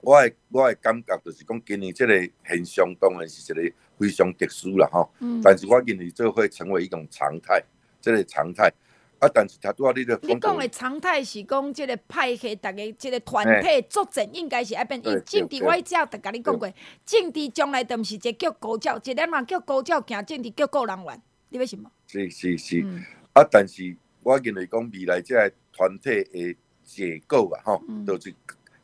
我係我係感覺就是講今年即個現象當然係是一個非常特殊啦，吼，但是我認為最會成為一種常態，即、這個常態啊，但是睇到你嘅。你講嘅常態是講即個派系大家即、這個團體作戰應該係要變，政治外交，我一直都同你講過政治將來都唔係一個叫高教，一啲嘛叫高教行政治叫個人玩，你話係嗎？是是是、嗯、啊，但是我認為講未來即個團體嘅結構啊，吼，嗯、就是。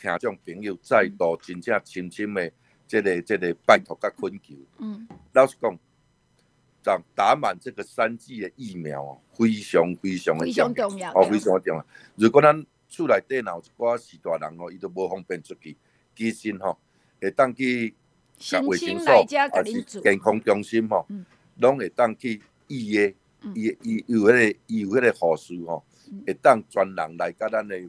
聽眾朋友，再度真正深深的，這個這個拜託甲懇求。嗯，嗯。老實講，就打滿這個三劑嘅疫苗，非常非常嘅重要，哦，非常嘅重要。嗯，重要嗯，如果咱厝內底有一寡序大人哦，伊都無方便出去，其實吼，會當去衛生所，是健康中心吼，攏會當去預約，預約預約迄個預約迄個護、嗯、士吼，會當專人來甲咱誒。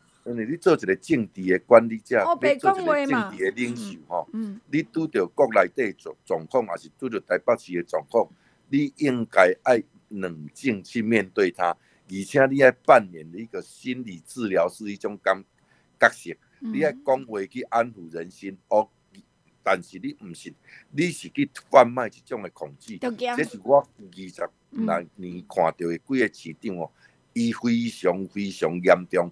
因為你做一個政治嘅管理者，你做一個政治嘅領袖，哦、你拄着、哦嗯嗯、國內底狀狀況，也是拄着台北市嘅狀況，你應該愛冷靜去面對它，而且你愛扮演一個心理治療師，一種感角色。你愛講、嗯、話去安撫人心，哦，但是你毋是，你是去販賣一種嘅恐懼，這是我二十來年看到嘅幾個市長哦，伊、嗯、非常非常嚴重。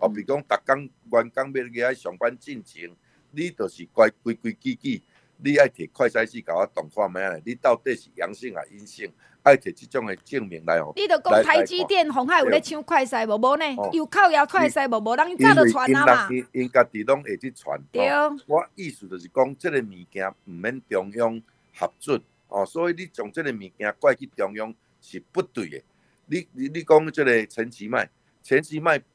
啊，譬、哦、如講逐工、員工咩嘢喺上班進程，你就是規規規矩矩，你係摕快篩紙搞阿檔，看咩嘢？你到底是陽性啊陰性？愛摕即種嘅證明來，來，來哦。你就講台積電、鴻海、哦、有咧搶快篩無？無呢、哦？有扣押快篩無？無，人早就傳啦。因為因為嗱啲去傳。對、哦哦。我意思就是講即個物件毋免中央核准。哦，所以你從即個物件怪去中央是不對嘅。你你你講即個陳其邁，陳其邁。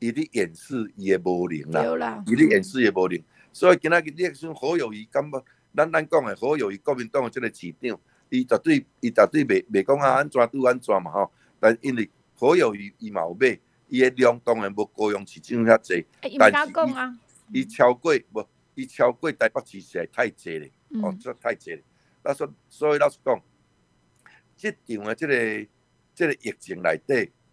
佢啲演示也無能啦，佢啲演示也無能，所以今仔日佢啲侯友宜咁啊！咱咱講係侯友宜，國民黨嘅即個市長，佢絕對佢絕對未未講下安怎都安怎嘛吼，但因為侯友宜，伊冇買，伊嘅量當然冇高雄市咁樣多，但係，佢超過冇，佢超過台北市市係太多咧，哦，真係太多。我所所以，我講，即場嘅即個即個疫情內底。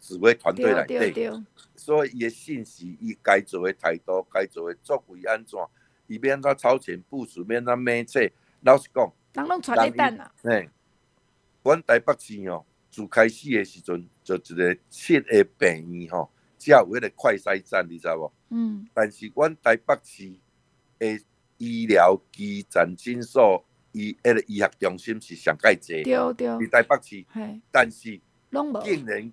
指揮團隊來對，對，所以伊嘅信息，伊該做嘅態度，該做嘅作為安怎，伊免他超前部署，免他咩這，老實講，人攏喘得蛋啦。嘿，阮台北市哦、喔，就開始嘅時陣，就一個七個病院吼，才有迄個快篩站，你知無？嗯。但是阮台北市嘅醫療基層診所，伊迄個醫學中心是上蓋濟，對對，對。喺台北市，係對。但是，攏冇。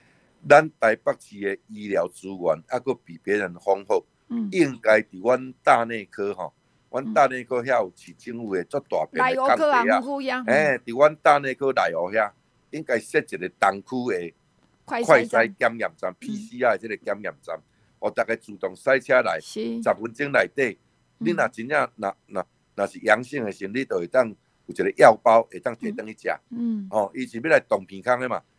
咱台北市嘅醫療資源還佫比別人豐富，嗯、應該佇阮大內科吼，阮、嗯、大內科遐有市政府位做、嗯、大病講啊，哎，佇、嗯、阮、欸、大內科內湖遐，應該設一個東區嘅快篩檢驗站 PCR 即個檢驗站，我逐個自動塞車來，十分鐘內底，你若真正若若若是陽性嘅時，你著會當有一個藥包會當摕倒去食，嗯，哦，伊是要來動健康的嘛。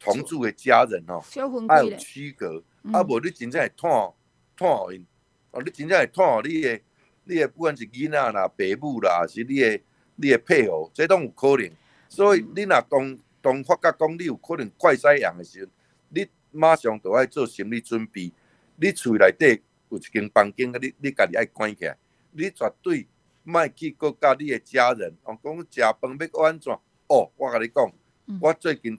同住嘅家人吼、哦，愛有區隔，嗯、啊無你真正係叛因哦，你真正係叛你嘅，你嘅不管是囡仔啦、爸母啦，還是你嘅你嘅配偶，這攏有可能。所以你若當當發覺講你有可能怪西洋嘅時候，你馬上就愛做心理準備，你厝內底有一間房間，你你家己愛關起來，你絕對莫去告甲你嘅家人。哦。講食飯要安怎？哦，我甲你講，嗯、我最近。